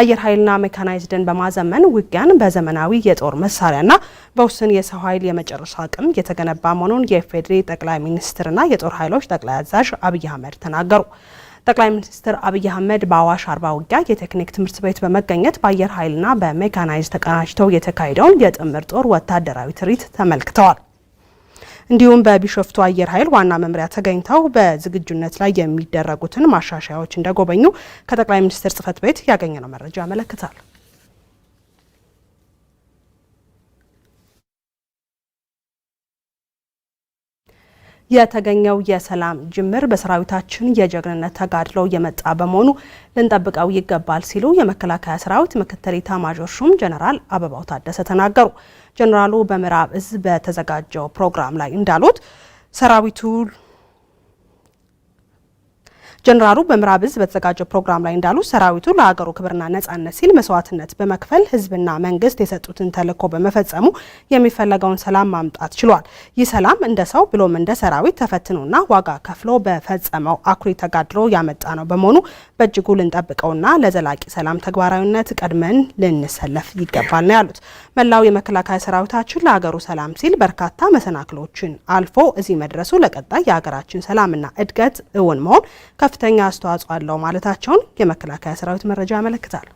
አየር ኃይልና ሜካናይዝድን በማዘመን ውጊያን በዘመናዊ የጦር መሳሪያና በውስን የሰው ኃይል የመጨረሻ አቅም የተገነባ መሆኑን የኢፌዴሪ ጠቅላይ ሚኒስትርና የጦር ኃይሎች ጠቅላይ አዛዥ አብይ አህመድ ተናገሩ። ጠቅላይ ሚኒስትር አብይ አህመድ በአዋሽ አርባ ውጊያ የቴክኒክ ትምህርት ቤት በመገኘት በአየር ኃይልና በሜካናይዝ ተቀናጅተው የተካሄደውን የጥምር ጦር ወታደራዊ ትርኢት ተመልክተዋል። እንዲሁም በቢሾፍቱ አየር ኃይል ዋና መምሪያ ተገኝተው በዝግጁነት ላይ የሚደረጉትን ማሻሻያዎች እንደጎበኙ ከጠቅላይ ሚኒስትር ጽፈት ቤት ያገኘነው መረጃ ያመለክታል። የተገኘው የሰላም ጅምር በሰራዊታችን የጀግንነት ተጋድሎ የመጣ በመሆኑ ልንጠብቀው ይገባል ሲሉ የመከላከያ ሰራዊት ምክትል ኢታማዦር ሹም ጀነራል አበባው ታደሰ ተናገሩ። ጀነራሉ በምዕራብ እዝ በተዘጋጀው ፕሮግራም ላይ እንዳሉት ሰራዊቱ ጀነራሉ በምዕራብ እዝ በተዘጋጀ ፕሮግራም ላይ እንዳሉ ሰራዊቱ ለሀገሩ ክብርና ነጻነት ሲል መስዋዕትነት በመክፈል ህዝብና መንግስት የሰጡትን ተልዕኮ በመፈጸሙ የሚፈለገውን ሰላም ማምጣት ችሏል። ይህ ሰላም እንደ ሰው ብሎም እንደ ሰራዊት ተፈትኖና ዋጋ ከፍሎ በፈጸመው አኩሪ ተጋድሎ ያመጣ ነው በመሆኑ በእጅጉ ልንጠብቀውና ለዘላቂ ሰላም ተግባራዊነት ቀድመን ልንሰለፍ ይገባል ነው ያሉት። መላው የመከላከያ ሰራዊታችን ለሀገሩ ሰላም ሲል በርካታ መሰናክሎችን አልፎ እዚህ መድረሱ ለቀጣይ የሀገራችን ሰላምና እድገት እውን መሆን ከፍተኛ አስተዋጽኦ አለው ማለታቸውን የመከላከያ ሰራዊት መረጃ ያመለክታል።